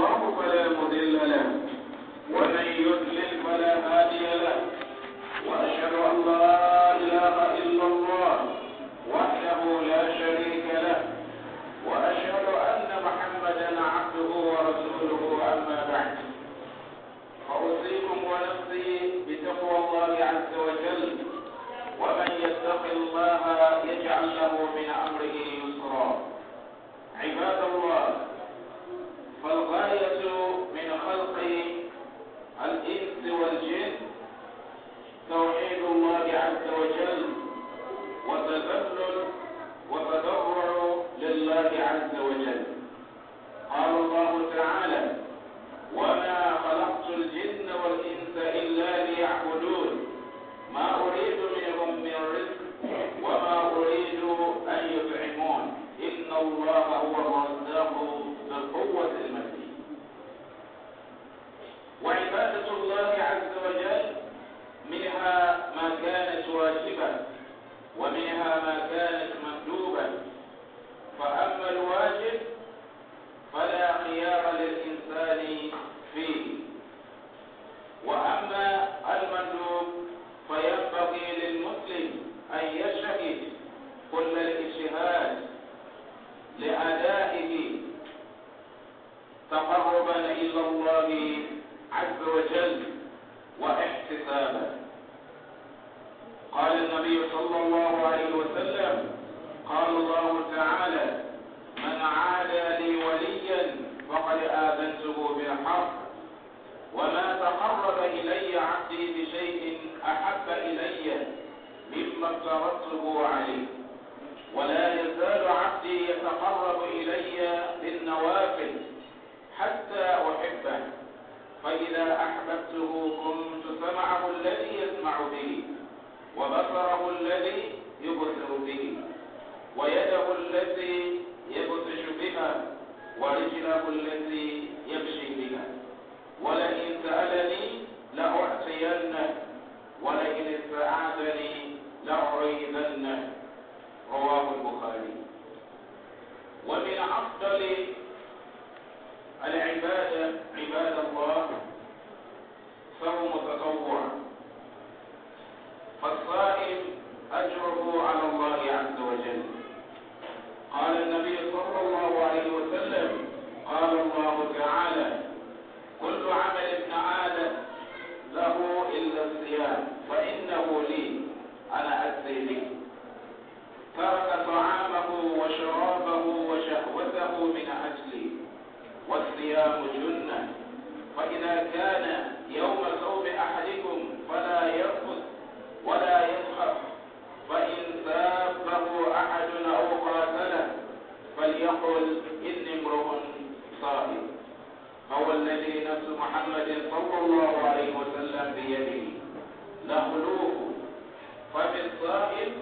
الله فلا مضل له ومن يضلل فلا هادي له وأشهد أن لا إله إلا الله وحده لا شريك له وأشهد أن محمدا عبده ورسوله أما بعد فأوصيكم ونفسي بتقوى الله عز وجل ومن يتق الله يجعل له من أمره يسرا عباد الله فالغاية من خلق الإنس والجن توحيد الله عز وجل وتذلل وتضرع لله عز وجل قال الله تعالى وما خلقت الجن إلا ليعبدون ما أريد منهم من رزق وما أريد مما افترضته عليه ولا يزال عبدي يتقرب إلي بالنوافل حتى أحبه فإذا أحببته كنت سمعه الذي يسمع به وبصره الذي يبصر به ويده التي يبطش بها ورجله التي يمشي بها ولئن سألني لأعطينه ولئن استعاذني لأعيذنه رواه البخاري ومن أفضل العبادة عباد الله صوم التطوع فالصائم أجره على الله عز وجل قال النبي صلى الله عليه وسلم قال الله تعالى والذي نفس محمد صلى الله عليه وسلم بيده لخلوه فم الصائم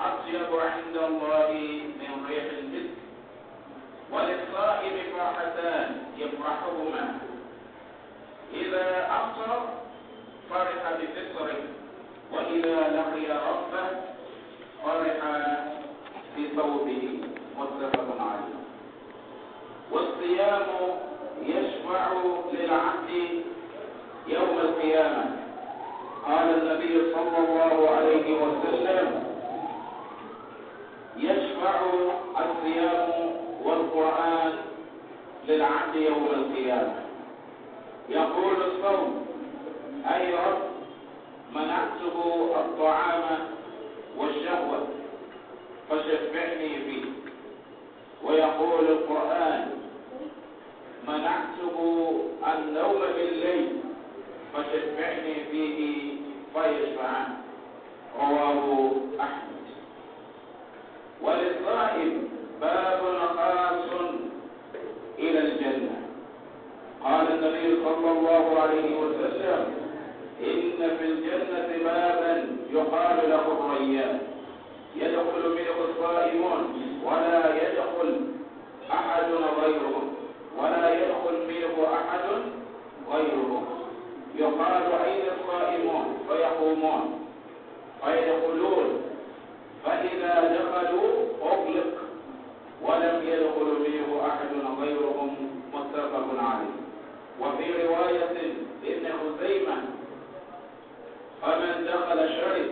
أطيب عند الله من ريح المسك وللصائم فرحتان يفرحهما إذا أفطر فرح بفطره وإذا لقي ربه فرح بثوبه متفق عليه والصيام تشفع للعبد يوم القيامة قال النبي صلى الله عليه وسلم يشفع الصيام والقرآن للعبد يوم القيامة يقول الصوم أي رب منعته الطعام والشهوة فشفعني فيه ويقول القرآن منعته النوم بالليل فشفعني فيه فيشفعان رواه أحمد وللصائم باب خاص إلى الجنة قال النبي صلى الله عليه وسلم إن في الجنة بابا يقال له الريان يدخل منه الصائمون ولا يدخل أحد غيرهم ولا يدخل منه أحد غيره يقال أين الصائمون فيقومون فيدخلون فإذا دخلوا أغلق ولم يدخل منه أحد غيرهم متفق عليه وفي رواية ابن خزيمة فمن دخل شرب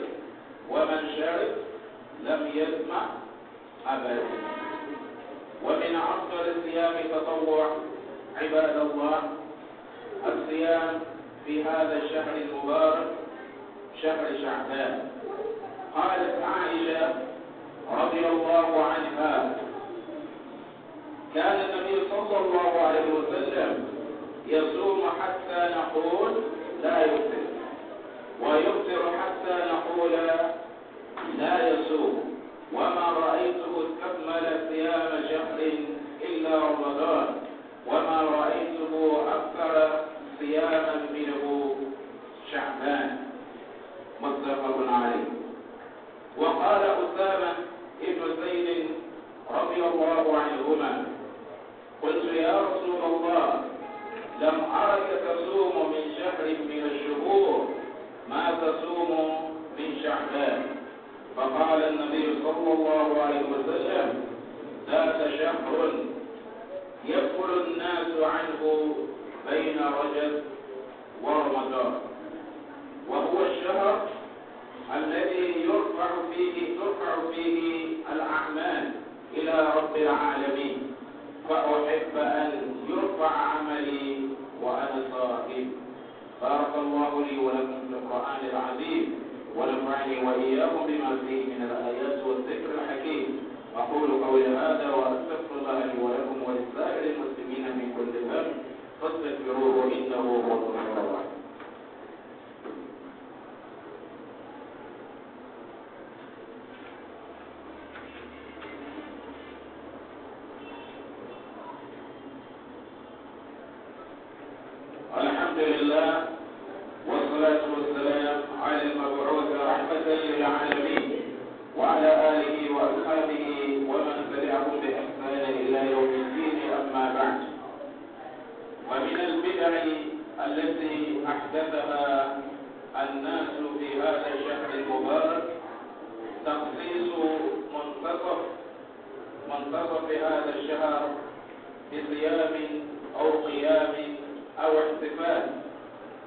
ومن شرب لم يسمع أبدا ومن أفضل الصيام التطوع عباد الله الصيام في هذا الشهر المبارك شهر شعبان قالت عائشة رضي الله عنها كان النبي صلى الله عليه وسلم يصوم حتى نقول لا يفطر ويفطر حتى نقول لا يصوم وما رأيته استكمل صيام شهر إلا رمضان وما رأيته أكثر صياما منه شعبان متفق عليه وقال أسامة ابن زيد رضي الله عنهما قلت يا رسول الله لم أرك تصوم من شهر من الشهور ما تصوم من شعبان فقال النبي صلى الله عليه وسلم ذات شهر يقول الناس عنه بين رجب ورمضان وهو الشهر الذي يرفع فيه ترفع فيه الأعمال إلى رب العالمين فأحب أن يرفع عملي وأنا صائم بارك الله لي ولكم في القرآن العظيم ونفعني وإياكم بما فيه من الآيات والذكر الحكيم أقول قولي هذا وأستغفر الله لي ولكم ولسائر المسلمين من كل ذنب فاستغفروه إنه هو الغفور الرحيم البدع التي أحدثها الناس في هذا الشهر المبارك تخصيص منتصف منتصف هذا الشهر بصيام أو قيام أو احتفال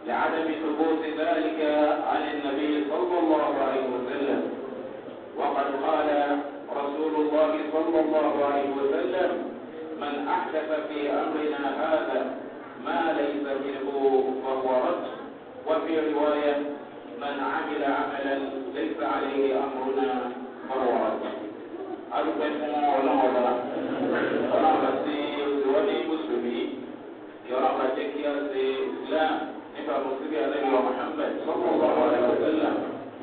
لعدم ثبوت ذلك عن النبي صلى الله عليه وسلم وقد قال رسول الله صلى الله عليه وسلم من أحدث في أمرنا هذا ما ليس منه فهو رد وفي رواية من عمل عملا ليس عليه أمرنا فهو رد ولكن يجب ان يكون هناك اشياء اخرى في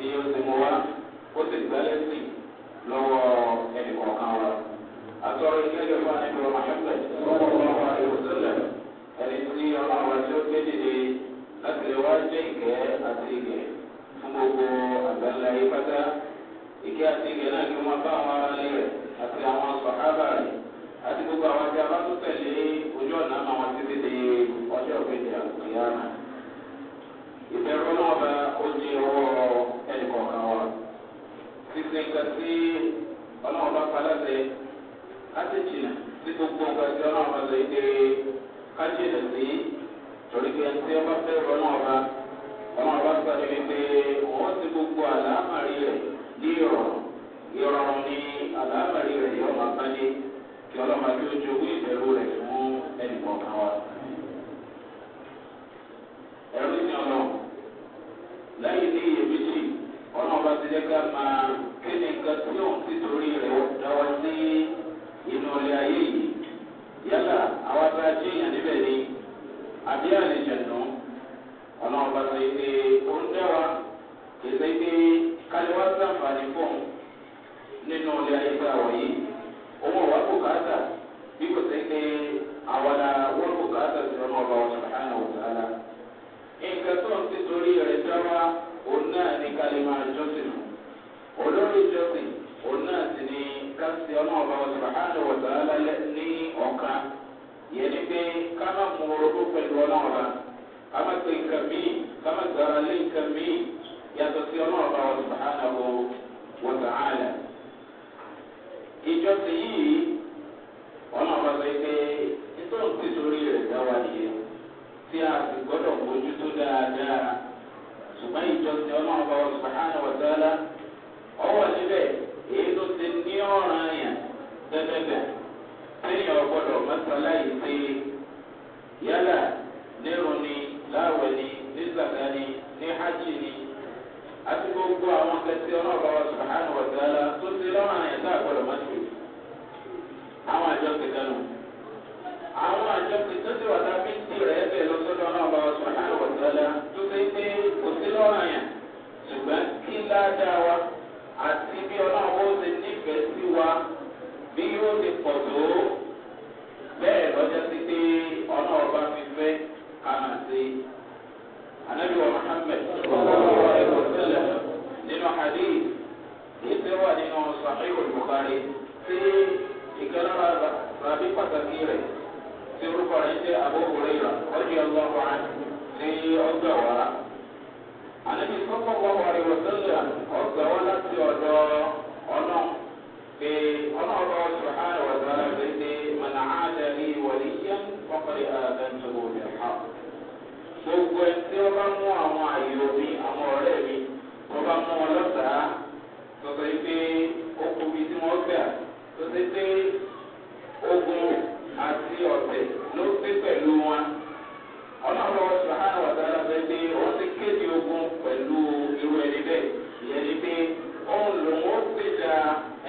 المسجد الاسلام ṣe wá jẹ́ ìkẹ́ àti ìgẹ̀ fún gbogbo àgbáńlá yìí pátá ìkẹ́ àti ìgẹ̀ náà kí wọ́n bá àwọn ará lé rẹ̀ àti àwọn sọ̀hábà rẹ̀ àti gbogbo àwọn ajá bá tó tẹ̀lé ojú ọ̀nà àwọn títí di ọjọ́ ìgbẹ́jì àkùnyára. ìbẹ̀rù náà bá ó jẹ́ ọwọ́ ẹnìkọ̀ọ̀kan wa. títí nǹkan tí ọlọ́run bá paláṣẹ á ti jìnà sí gbogbo nǹkan tí ọlọ́run bá sọ torí pé ẹni tí wọ́n bá fẹ́ rọ náà bá ọmọ bá sáré wípé wọ́n ti gbogbo àlámàrí rẹ̀ ní ìrọ̀rùn ìrọ̀rùn ní àlámàrí rẹ̀ yóò máa bá dé kí ọlọ́mọ bí ó jogún ìbẹ̀rù rẹ̀ fún ẹnì kọ̀ọ̀kan wa. ẹ̀rú ìsìn ọ̀nà lẹ́yìn ní iyèméjì ọlọ́mọ bá ti jẹ́ ká máa. àbí àlejànú ọlọ́run bá ṣe pé ó ń dẹ́wà èsè pé kálíwá sàǹfààní fún nínú ilé ayé tá a owó wa kò káàtà bí kò sí pé àwọn àwọn kò káàtà sí ọmọ ọba ọ̀sán àná ọ̀sán àlá. nǹkan tó ń tìtorí rẹ̀ dáwà òun náà ní kálíwá jọ́sìn olórí jọ́sìn òun náà sì ní ká sí ọmọ ọba ọ̀sán àná ọ̀sán àlá ní ọ̀kan. yẹn ni pé ká má mú orogún pẹ̀lú ọlọ́run bá ká má pe nǹkan míì ká má gbára yàtọ̀ sí ọlọ́run bá wọn sàánà wo wọn sàánà. ìjọ ti yìí ọlọ́run pé ti rẹ̀ dá wa tí a sì gbọ́dọ̀ mójútó dáadáa ṣùgbọ́n ìjọ ti ọlọ́run bá wọn èyí tó ti téèyàn gbọ́dọ̀ mẹ́sàlá yìí pé yálà nírun ni láwẹ̀ ni nísàlá ni ní hajj ni àti gbogbo àwọn kẹsí ọlọ́ọ̀bá wa sùhánù wàtálá tó ti lọ́wọ́ àyàn tá a gbọ́dọ̀ má ti àwọn àjọ kẹtẹnu àwọn àjọ kẹtẹnu wà lábí tí rẹ̀ bẹ̀ lọ́sọ́dọ̀ ọlọ́ọ̀bá wa sùhánù tó ti pé kò sí lọ́wọ́ àyàn ṣùgbọ́n kí ládàá wa àti bí ọlọ́wọ́ ti nífẹ̀ẹ́ sí wa bí yóò ti pọ̀ tó bẹ́ẹ̀ lọ́jọ́ sí pé ọ̀nà ọba fi fẹ́ ká máa ṣe. Ànábi wa Muhammad ọ̀pọ̀lọpọ̀ ẹ̀kọ́ sílẹ̀ nínú hadith èyí tẹ́ wà nínú sàkéyò ìbùkárí tí ìkẹ́lára rabi pàtàkì rẹ̀ tí orúkọ rẹ̀ jẹ́ abóhùrẹ́ ìlà ọjọ́ ọlọ́wọ́ ní ọgbà wàrà. Ànábi sọ́kọ̀ wà wàrí wọ̀ sílẹ̀ ọgbà wà láti ọ̀dọ̀ ọ̀nà pé ọ̀nà ọba ọ̀sùn àárẹ̀ wà sára عاد لي وليا فقد آذنته بالحق gbogbo ẹ tí wọn bá mú àwọn àyò mi àwọn ọrẹ mi wọn bá mú wọn lọsàá gbọgbẹ pé okùn mi tí wọn gbà tó ṣe pé ogun àti ọ̀tẹ̀ ló gbé pẹ̀lú wọn ọlọ́run ṣàhánà wàtàrà bẹ́ẹ̀ pé wọ́n ti kéde ogun pẹ̀lú irú ẹni bẹ́ẹ̀ ìyẹn ni pé òun lòun ó gbèjà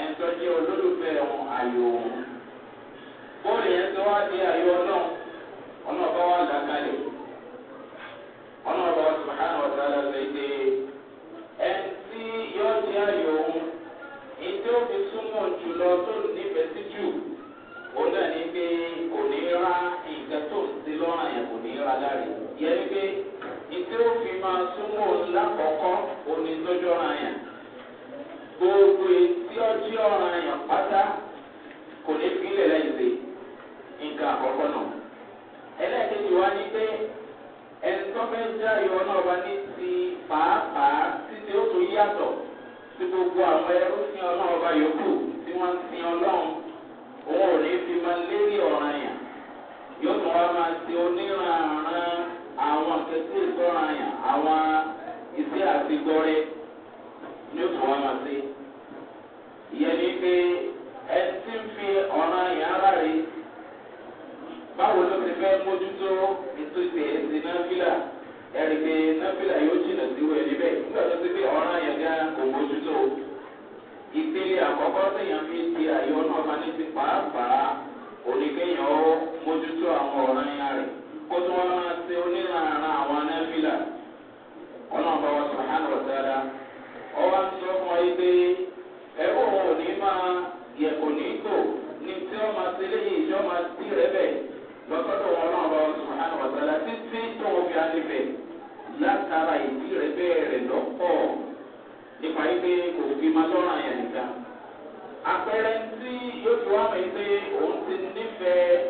ẹ̀ńtọ́jẹ́ olólùfẹ́ wọn àyò òun bóòlù yẹn tó wá di àyè ọlọ́run ọlọ́run bá wà lákàlẹ̀. tó ìtúsí èsì náfìlà ẹ̀rí pé náfìlà yóò jìnà sí wẹ̀ níbẹ̀ nígbà tó ti fi ọ̀ràn yẹn gá kò mójútó. ìpele àkọ́kọ́ sèyàn fi di àyè ọ̀nà ọ̀nà ní ti pàápàá oníkéyàn ó mójútó àwọn ọ̀ràn yẹn rẹ̀ kó tó wọn máa ṣe onílànà àwọn náfìlà ọ̀nà ọ̀bá wa sùhánù ọ̀tara ọwọ́ ń sọ fún ọ yìí pé ẹ̀rọ òní máa yẹ̀kọ̀ ní tò ní tí ọ lọ́sọ́dọ̀ wọn náà lọ sùhánù ọ̀sálà títí tó wọn fi alẹ́fẹ̀ látara ìdí rẹ̀ bẹ́ẹ̀rẹ̀ lọ́pọ̀ nípa ipe kò fi máa lọ́ràn yẹn nìkan. àpẹẹrẹ tí yóò fi wá mi pé òun ti nífẹ̀ẹ́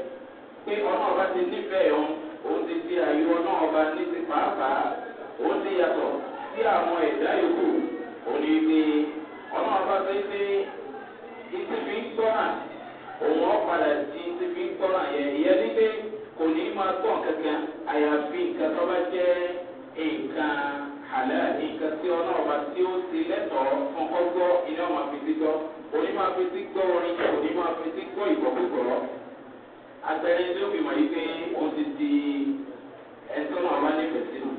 pé ọ̀nà ọba ti nífẹ̀ẹ́ òun òun ti di àyè ọ̀nà ọba ní ti pàápàá òun ti yàtọ̀ sí àwọn ẹ̀dá yòókù òun ni pé ọ̀nà ọba fẹ́ pé ìtìfín gbọ́nà òun ọ̀ padà di sọ́ra yẹn ìyẹn ní pé kò ní máa tọ̀ kankan àyàfi nǹkan tó bá jẹ́ nǹkan àlẹ́ nǹkan tí ọlọ́ọ̀bá tí ó ti lẹ́tọ̀ọ́ fún kọ́gbọ́ iná máa fi sí gbọ́ òní máa fi sí gbọ́ orin òní máa fi sí gbọ́ ìgbọ́kúgbọ́ àtẹ̀lé tó fi mọ̀ yí pé ó ti di ẹ̀sọ́ náà wá nífẹ̀ẹ́ sínú.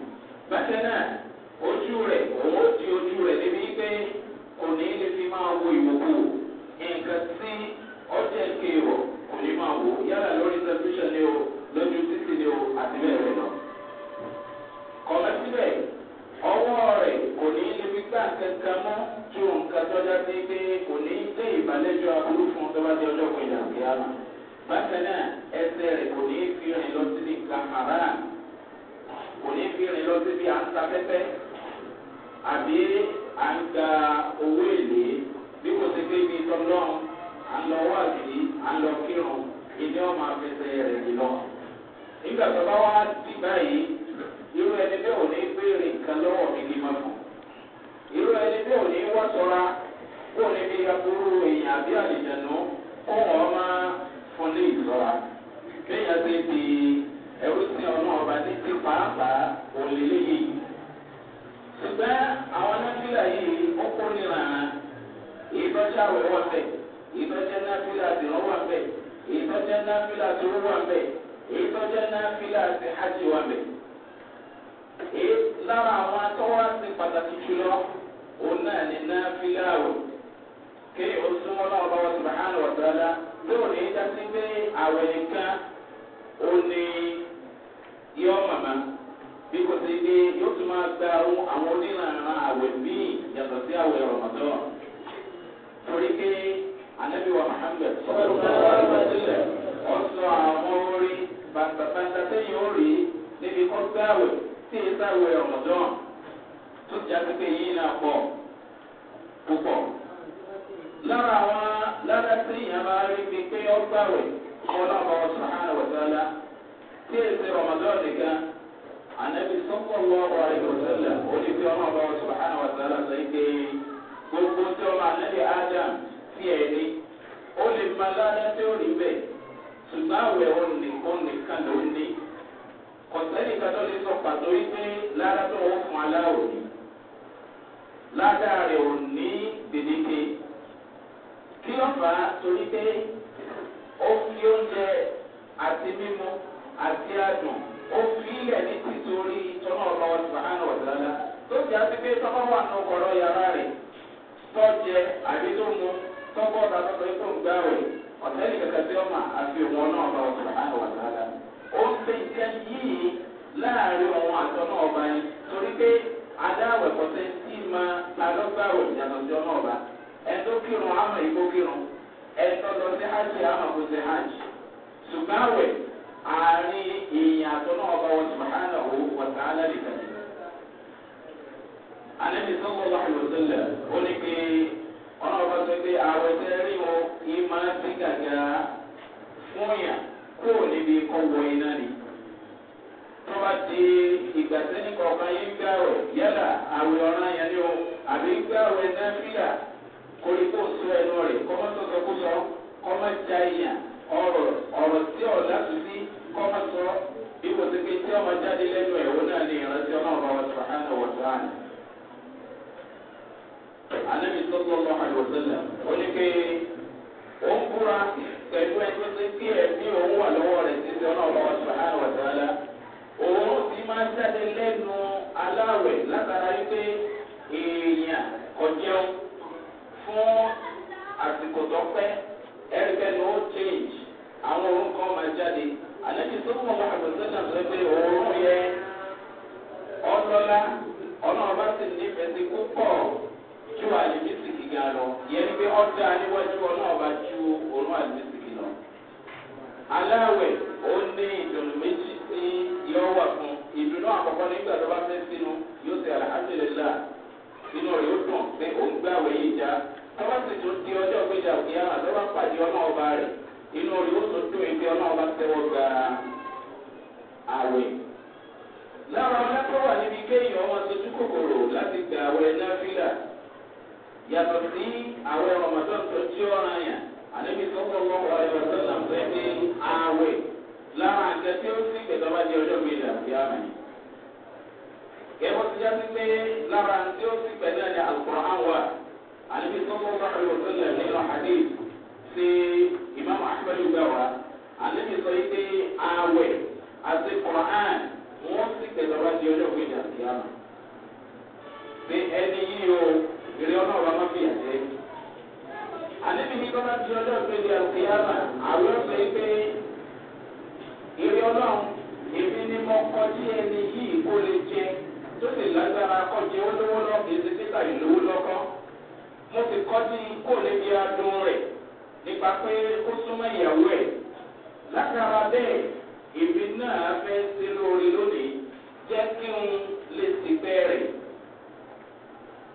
bákan náà ojú rẹ̀ òun ó di ojú rẹ̀ débi pé kò ní lè fi máa wo ìwòkú nǹkan tí ọjọ́ ìkéwọ̀ kò máa wò yálà lórí tẹlifíṣàn ni o lójú títì ni o àti bẹ́ẹ̀ bẹ́ẹ̀ lọ. kọ̀mẹ́ síbẹ̀ ọwọ́ rẹ̀ kò ní níbi gbà kankan mọ́ ju nǹkan tọ́já sí pé kò ní dé ìbàlẹ́jọ́ aburú fún tọ́bàdé ọjọ́ kan ìyá àti àmà. bákan náà ẹsẹ̀ rẹ̀ kò ní fi rìn lọ sí ní kàmàrà kò ní fi rìn lọ síbi à ń ta pẹ́pẹ́ àbí à ń gba owó èlé. nígbà tó bá wá dì báyìí irú ẹni nǹkan lọ́wọ́ mi ní irú ẹni aburú èèyàn àbí kó wọ́n máa fún ní kéèyàn ti di sí ọba ní ti pàápàá òlélẹ́ yìí ṣùgbọ́n àwọn yìí ó kó nira ìbọ́jà wẹ̀ wọ́n bẹ̀ ìbọ́jà èyí tọ́jọ́ náà fílà àti hajj wà mẹ́. èyí lára àwọn atọ́wá sí pàtàkì jùlọ òun náà ní náà fílà rò kí o súnmọ́ náà bá wa taala yóò ní dásí pé àwẹ̀ nìkan ó yọ màmá bí kò sí pé yóò tún máa gba àwọn àwẹ̀ míì yàtọ̀ sí àwẹ̀ torí pé anabi wa muhammed ọ̀sán àwọn. bàtàbàtà sẹ́yìn ó rí níbi kọ́ gbáwẹ̀ tí ì sáwẹ̀ ọ̀mọ̀dán tó ti jáde pé yìí náà pọ̀ púpọ̀. lára àwọn lára sẹ́yìn àmà rí bí pé ó gbáwẹ̀ ọlọ́ọ̀bà ọ̀sán àrùn ọ̀sálá tí ì sẹ́ ọ̀mọ̀dán nìkan ànábi sọ́kọ̀ lọ́wọ́ àìkọ̀sẹ́lẹ̀ ó ní bí ọlọ́ọ̀bà ọ̀sán àrùn ọ̀sálá sẹ́yìn gbogbo tí ọmọ ànábi ádám fi ẹ̀ ní ó lè máa ládá tí ó rí bẹ́ẹ̀ ṣùgbọ́n àwẹ̀ òun nìkan ló ní. kọ̀sẹ́nì kan tó lè sọ pàtó wípé lára tó wọ́n fún aláwọ̀ ni. ládàá rẹ̀ ò ní gbèdéke. kí ló fà á torí pé ó fi oúnjẹ àti mímu àti adùn ó fi ilẹ̀ ní tìtorí tọ́nà ọ̀nà ọ̀sán àná ọ̀dàlá tó ti á ti pé tọ́kọ́ wà ní ọkọ̀ ọ̀rọ̀ yàrá rẹ̀ tọ́jẹ àbí tó mu tọ́kọ́ ọ̀dà tó sọ pé ọ̀tẹ́lì kankan tí ó mà àfi òun náà bá ọ̀tún àná wà sáadà. ó ń pè nǹkan yìí láàrin òun àtọ́ náà bá yín torí pé adáwẹ̀ pọ̀tẹ́ tí ma alọ́gbàwẹ̀ ìjànàjọ́ náà bá ẹ̀tọ́ kírun àmọ̀ ìgbó kírun ẹ̀tọ́ lọ sí hajj àmọ̀ kò sí hajj. ṣùgbọ́n àwẹ̀ àárín èèyàn àtọ́ náà bá wọn sùn àná òun wà sáadà nìkan. alẹ́ mi sọ́kọ̀ wà lọ́sẹ̀lẹ̀ ó ní pé ọlọ́wọ́ ṣe pé àwẹ̀ tẹ́ rí wọn kì í máa sí gàgà fún yàn kúrò níbi kọ́ wọ iná ni. tó bá di ìgbà sẹ́ni kọ̀ọ̀kan yín gbà rẹ̀ yálà àwẹ̀ ọ̀ràn yẹn ni o àbí gbà rẹ̀ náà fìlà koríko sọ ẹnu rẹ̀ kọ́mọ́ sọ̀tọ̀ kó sọ kọ́mọ́ ja ìyàn ọ̀rọ̀ ọ̀rọ̀ tí ọ̀ láti sí kọ́mọ́ sọ bí kò sí pé tí ọmọ jáde lẹ́nu ẹ̀wọ́ náà ni ìrántí ọlọ́run ọ̀rọ̀ sọ̀hánà wọ̀sán alẹ́mi sọ́kọ́ ọmọ àlùfẹ́lẹ̀ ó ní pé ó ń búra pẹ̀lú o tó kí ẹ̀mí òun wà lọ́wọ́ rẹ̀ títí ọlọ́wọ́ sàhánù ọ̀tàlá o ti máa jáde lẹ́nu aláwẹ̀ látara wípé èèyàn kọjẹun fún àsìkò tó pẹ́ ẹ̀ríkẹ́ni ó change àwọn orúkọ máa jáde alẹ́mi sọ́kọ́ ọmọ àlùfẹ́lẹ̀ sọ pé òun yẹ ọlọ́lá ọlọ́run bá sì nífẹ̀ẹ́ sí púpọ̀. ọ̀dà níwájú ọlọ́ọ̀bá ju òun àdìsíkì lọ. aláwẹ̀ ó ní ìdùnnú méjì wa yọ wà fún ìdùnnú àkọ́kọ́ nígbà tó bá fẹ́ sínú yóò ṣe rẹ̀ yóò dùn pé òun yìí já tọ́wọ́ sì tún di ọjọ́ òkè àmà tó bá pàdé rẹ̀ inú rẹ̀ yóò tún dùn ìgbé ọlọ́ọ̀bá tẹ́wọ́ gba àwẹ̀ níbi kéèyàn láti gbà àwẹ̀ náà fílà yàtọ̀ sí àwẹ̀ ọ̀mọ̀tọ́ tó tí ó ràn yàn àlébi tó kọ́ wọ́n wọ́n ẹ̀rọ tó nà fẹ́ ní àwẹ̀ lára àṣẹ tí ó sì gbẹ̀dọ̀ bá di ọjọ́ gbé dàbí àmì. kẹ́wọ́n ti já sí pé lára tí ó sì gbẹ̀dọ̀ ní Al-Qur'an wà àlébi tó kọ́ wọ́n ẹ̀rọ tó nà nínú hadith sí ìmáàmù Ahmad gbà wá àlébi sọ yìí pé àwẹ̀ àti Qur'an wọ́n sì gbẹ̀dọ̀ bá di ọjọ́ gbé dàbí àmì. pé ẹni yìí èrè ọlọ́run ọmọ fi ẹ̀jẹ̀. àníbi ní bọ́lá ti ọjọ́ ìpele àkèyàmà àwọn ọ̀sẹ̀ pé èrè ọlọ́run èmi ni mo kọ́ tí ẹni yìí kó lè jẹ tó sì lágbára kọ́ jẹ ó lówó lọ kì í ṣe títà ìlówó lọ́kọ́. mo sì kọ́ tí kò lè di adùn rẹ̀ nípa pé kó súnmọ́ ìyàwó ẹ̀. lágbára bẹ́ẹ̀ èmi náà fẹ́ sí lórí lónìí jẹ́ kí n lè sì bẹ́ẹ̀ rẹ̀.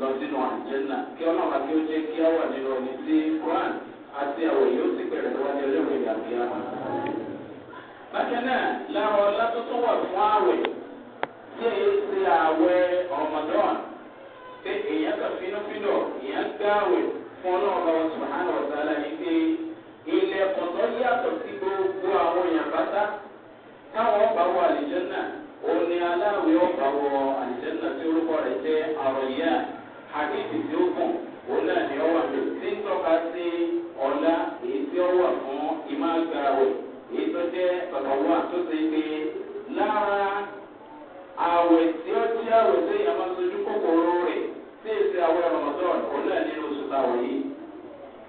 lọ sínú àjẹ́nà kí ọlọ́run àti oúnjẹ kí á wà nínú ọ̀nì tí quran àti àwọ̀ yóò ti pẹ̀lẹ́ wájú ọlọ́run ìgbà bí a. bákan náà lára ọlá tó tún wà fún àwẹ̀ tí èyí ti àwẹ̀ ọ̀mọ̀dọ́n pé èèyàn kan fínúfínú èèyàn gbá àwẹ̀ fún ọlọ́run bá sùhánù ọ̀sálà yìí pé ilẹ̀ kọ̀tọ́ yàtọ̀ sí gbogbo àwọn èèyàn bátá táwọn ọ̀bà wọ àlìjẹ́nà òun ni aláwẹ̀ ọ̀bà wọ àlìjẹ́nà tí orúkọ rẹ̀ jẹ́ àròyìn àdéhùn tí ó kù òun náà ni ọ wà ní tí ń tọ́ka sí ọ̀la èyí tí ó wà fún ìmọ̀ àgbàwẹ̀ èyí tó jẹ́ bàbáwà tó ṣe pé lára àwẹ̀ tí ó jẹ́ àwẹ̀ tó yẹ máa sojú kòkòrò rẹ̀ tí èsì àwẹ̀ rọ̀mọ́tọ́n òun náà nínú oṣù táwọn yìí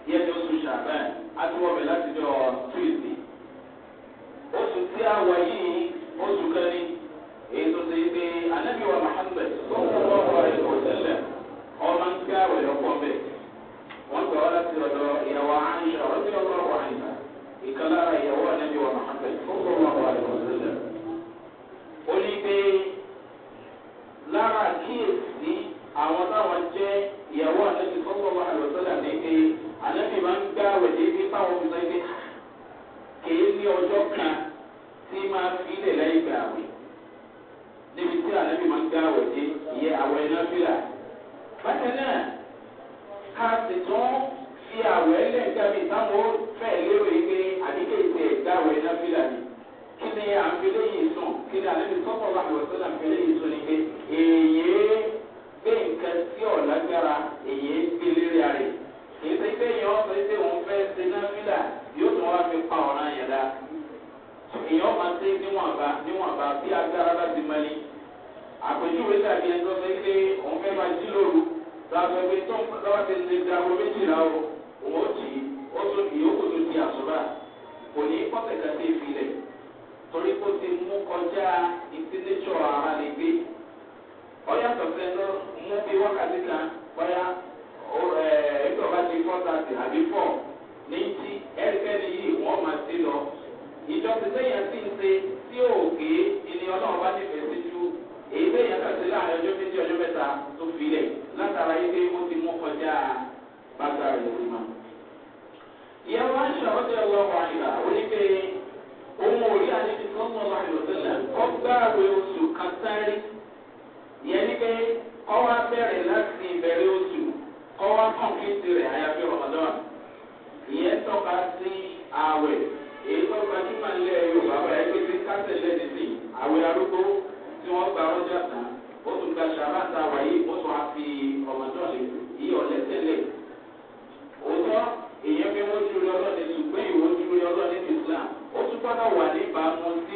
yẹ ní oṣù ṣàbẹ́ẹ̀ á ti bẹ̀ láti jọ túwìsì oṣù tí àwọ̀ yìí àwẹ̀ oṣù kan sáré yẹn ni pé ọwọ́ abẹ́rẹ́ láti ìbẹ̀rẹ̀ oṣù ọwọ́ kọ̀ǹkìtì rẹ̀ àyàfi ọ̀dọ́n ìyẹn tọ́ka sí àwẹ̀ èyí tó gbajúmọ̀ ilẹ̀ yorùbá wà ẹgbẹ́ tí kásẹ̀ lẹ́ni sí àwẹ̀ arúgbó tí wọ́n gba ọjà tán ó tún gba ṣàbáta wáyé ó tún á fi ọ̀mọ̀dọ́n lè yí ọ̀lẹ́ tẹ́lẹ̀ òótọ́ èyí fi wọ́n júwe ọlọ́ọ̀ni ṣùgbọ́n ìwọ́n júwe ọlọ́ọ̀ni islam ó tún gbọ́dọ̀ wà ní ìbámu sí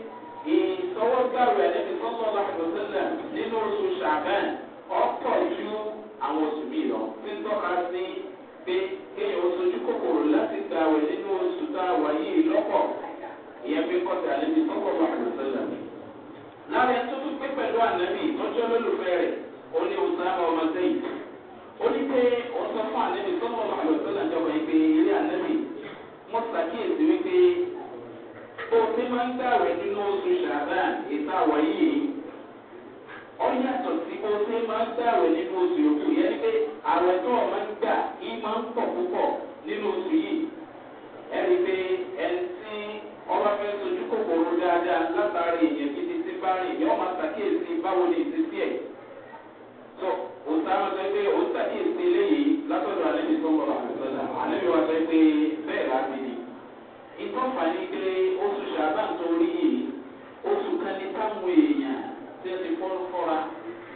gbàgbé àdébí sọ́kọ́ láàbò sílẹ̀ nínú oṣù ṣàbẹ́n ọ̀pọ̀ ju àwọn oṣù mi lọ tí tọ́ka sí pé kéèyàn oṣooṣù kòkòrò láti gbàwé nínú oṣù tá a wà yìí lọ́pọ̀ ìyẹn fi kọ́ sí àdébí sọ́kọ́ láàbò sílẹ̀. lára ẹni tó tún pé pẹ̀lú ànábì tọ́jọ́ lólùfẹ́ rẹ̀ ó ní ọ̀sán ọmọ sẹ́yìn ó ní pé ọ̀sán fún ànábì sọ́kọ́ láàbò sílẹ̀ jọ tó ti máa ń gbàwẹ̀ nínú oṣù ṣàbán ìta wọ̀nyí ó yàtọ̀ sí bó máa ń nínú oṣù yẹn pé àwẹ̀ tó o máa ń gbà í máa ń pọ̀ púpọ̀ nínú oṣù yìí ẹni pé ẹni tí ọba fẹ́ sojú kòkòrò dáadáa látàrí ìyẹn bá rìn yẹn máa ṣàkíyèsí báwo ni ìṣesí ẹ̀ tó o sáré sọ pé o ṣàkíyèsí látọ̀dọ̀ tó ń bọ̀ ìtọ́fàní pé oṣù ṣàbáǹ tó yìí oṣù kan ní táwọn èèyàn tí ó ti fọ́nú fọ́ra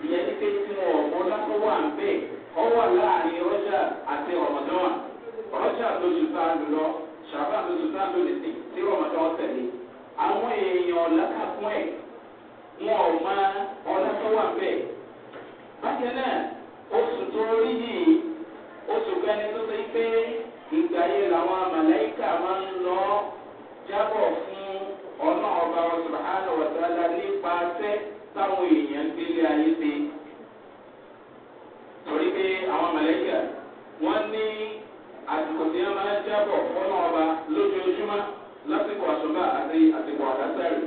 ìyẹn ní pé tí wọn ọ̀pọ̀ lọ́kọ́ wà ń bẹ́ẹ̀ ọ wà láàrin rọ́jà àti ọ̀mọ̀dọ́wà rọ́jà lóṣù tá a lò lọ ṣàbáǹ lóṣù tá a lò lè sí tí ọ̀mọ̀dọ́wà ìgbà yẹn làwọn màláìkà máa ń lọ jábọ̀ fún ọ̀nà ọba ọ̀sùnmọ̀hánà ọ̀tàlá nípa tẹ́ táwọn èèyàn délé ayé ṣe. torí pé àwọn màláìkà wọ́n ní àsìkò tí wọ́n máa ń jábọ̀ fọ́nà ọba lójoojúmọ́ lásìkò àṣùbà àti àsìkò àdásẹ́rì.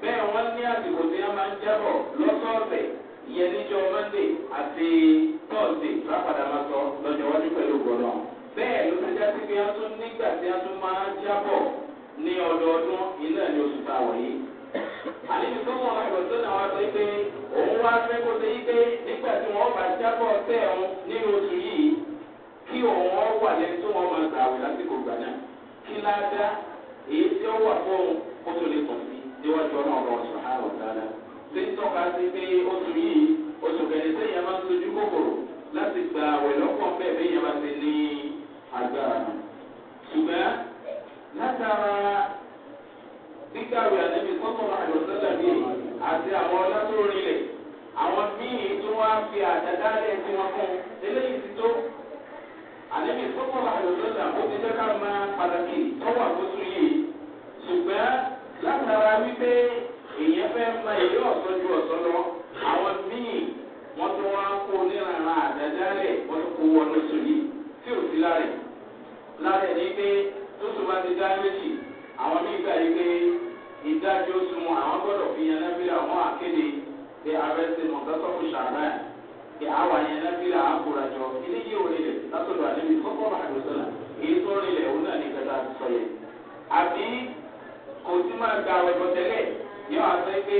bẹ́ẹ̀ wọ́n ní àsìkò tí wọ́n máa ń jábọ̀ lọ́sọ̀ọ̀sẹ̀ ìyẹn níjọ́ monday àti thursday lápàdà máa sọ lọ́jọ́ wájú pẹ̀lú gbọ́dọ̀. bẹ́ẹ̀ ló ti jásí pé a tún nígbà tí a tún máa ń jábọ̀ ní ọdọọdún iná ní oṣù tá a wọ̀ yìí. àlejò tó mọ̀ ọ̀rọ̀ tó náà wá sọ pé òun wá fẹ́ kó ṣe yí pé nígbà tí wọ́n bá jábọ̀ oṣù yìí kí òun wà lẹ́nu tó máa lásìkò gbà náà kí ládá èyí tí ó wà fún òun kó tó lè níwájú ọ̀rọ̀ ọ̀sùn agbára mi. ṣùgbọ́n látara gbígbàwé àdébí sọ́kọ̀ àlọ́sọ́lá bíi àti àwọn ọlọ́tòrinlẹ̀ àwọn míì tó wá fi àdádálẹ̀ tí wọ́n kún eléyìí ti tó. àdébí sọ́kọ̀ àlọ́sọ́lá ó ti jẹ́ ká máa pàtàkì tọ́wọ́ àkóso yìí. ṣùgbọ́n látara wípé èèyàn fẹ́ máa èyí ọ̀sán ju ọ̀sán lọ àwọn míì wọ́n tún wá kó nílànà àdádálẹ̀ wọ́n tún kó wọnú sórí tí o sí lára ẹ̀ lára ẹ̀ ní pé tóṣù bá ti dá méjì àwọn míì gbà yí pé ìdájọ́ oṣù wọn àwọn gbọ́dọ̀ fi yan nábìlà wọn àkéde pé abẹ́sẹ̀ mọ̀tọ́sọ́kù ṣàbá ẹ̀ pé àwa yan nábìlà àkùràjọ eléyìí ò rilẹ̀ látọ̀dọ̀ àdébí kọ́kọ́ àdùsọ̀là èyí tó rilẹ̀ òun náà ní kẹta sọ̀yẹ̀ àbí kò sí máa gba ọ̀dọ̀ tẹ́lẹ̀ yóò wá sọ pé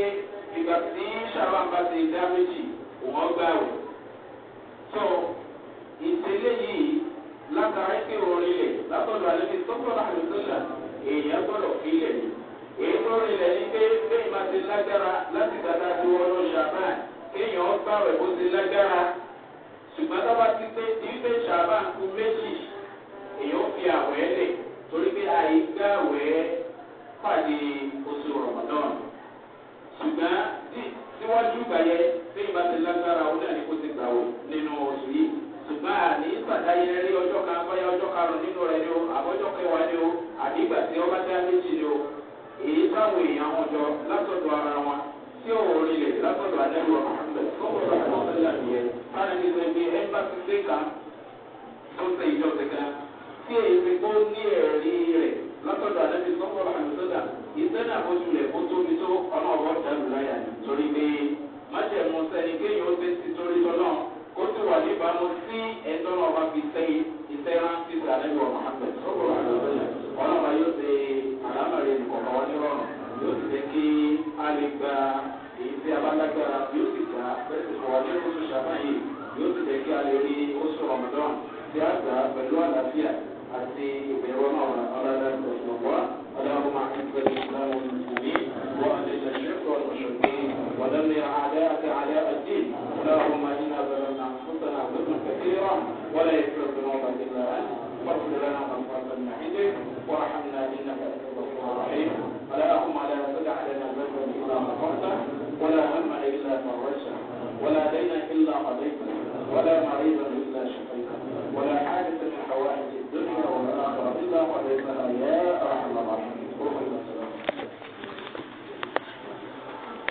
ìgbà tí ṣàbá bá ti dá méjì òun ọgbà ẹ̀ so ìtẹ́lẹ̀ yìí látàrí pé orin lè látọ̀dọ̀ àlejò sọ́kọ̀ láàrin sọ́là èèyàn gbọ́dọ̀ fi ilẹ̀ ni. èyí tó rin ilẹ̀ ni pé bẹ́ẹ̀ máa ti lágbára láti gbàdá ti wọnú ṣàbá kéèyàn gbà rẹ̀ bó ti lágbára. ṣùgbọ́n tábà ti pé ìfẹ́ ṣàbá kú méjì èèyàn fi àwẹ̀ lẹ̀ torí pé àyíká àwẹ̀ pàdé oṣù rọ̀mọ̀dán. ṣùgbọ́n síwájú gbàyẹ bẹ́ẹ̀ máa ti lágbára ó dà ní kó ti gbà wò nínú oṣù yìí ṣùgbọ́n àní sàdáyé rí ọjọ́ kan bọ́yá ọjọ́ karùn-ún nínú rẹ̀ ni o àbọ́jọ́ kẹwàá ni o àbí ìgbà tí ọba dá méjì ni o èyí táwọn èèyàn wọn jọ látọ̀dọ̀ ara wọn tí ò rinlẹ̀ látọ̀dọ̀ àdẹ́rù ọ̀hánbẹ̀ kọ́kọ́ bá wọn fẹ́ là nìyẹn láti ní sọ pé ẹ bá ti dé kan tó ń sẹ ìjọ tẹ̀kan tí èyí ti kó ní ẹ̀rí rẹ̀ látọ̀dọ̀ àdẹ́rù kọ́kọ́ bá wọn sọ́dà ìtẹ́nà àkóso rẹ̀ kó tóbi tó ọlọ́ọ̀bọ̀ dàlú láyà torí pé májẹ̀mú sẹ́ni kéèyàn ó ti ti torí tọ́lọ́ọ̀ ó sì wà níbàámu sí ẹ̀tọ́ náà bá fi sẹ́ iṣẹ́ rántí sí àlẹ́wọ̀ mohammed sọ́kòrò àlọ́lẹ̀ ọlọ́run yóò ṣe àlámọ̀rẹ́ ìkọ̀kọ̀ wọn nírọ̀rùn yóò sì jẹ́ kí a lè gba èyí tí a bá lágbára yóò sì gbà bẹ́ẹ̀ sì kọ̀ ní oṣù ṣàbáyé yóò sì jẹ́ kí a lè rí oṣù ramadan tí a gbà pẹ̀lú àlàáfíà àti ìbẹ̀rù ọlọ́run ọlọ́run ọlọ́run ọlọ́run ودمر أعداءك أعداء الدين اللهم إنا ظلمنا أنفسنا ظلما كثيرا ولا يغفر ذنوبا إلا أنت واغفر لنا من من عندك وارحمنا إنك أنت الغفور الرحيم فلا هم على تدع لنا ذنبا إلا غفرته ولا هم إلا فرجته ولا دينا إلا قضيته ولا مريضا إلا شفيته ولا حادث من حوادث الدنيا والآخرة إلا قضيتها يا أرحم الراحمين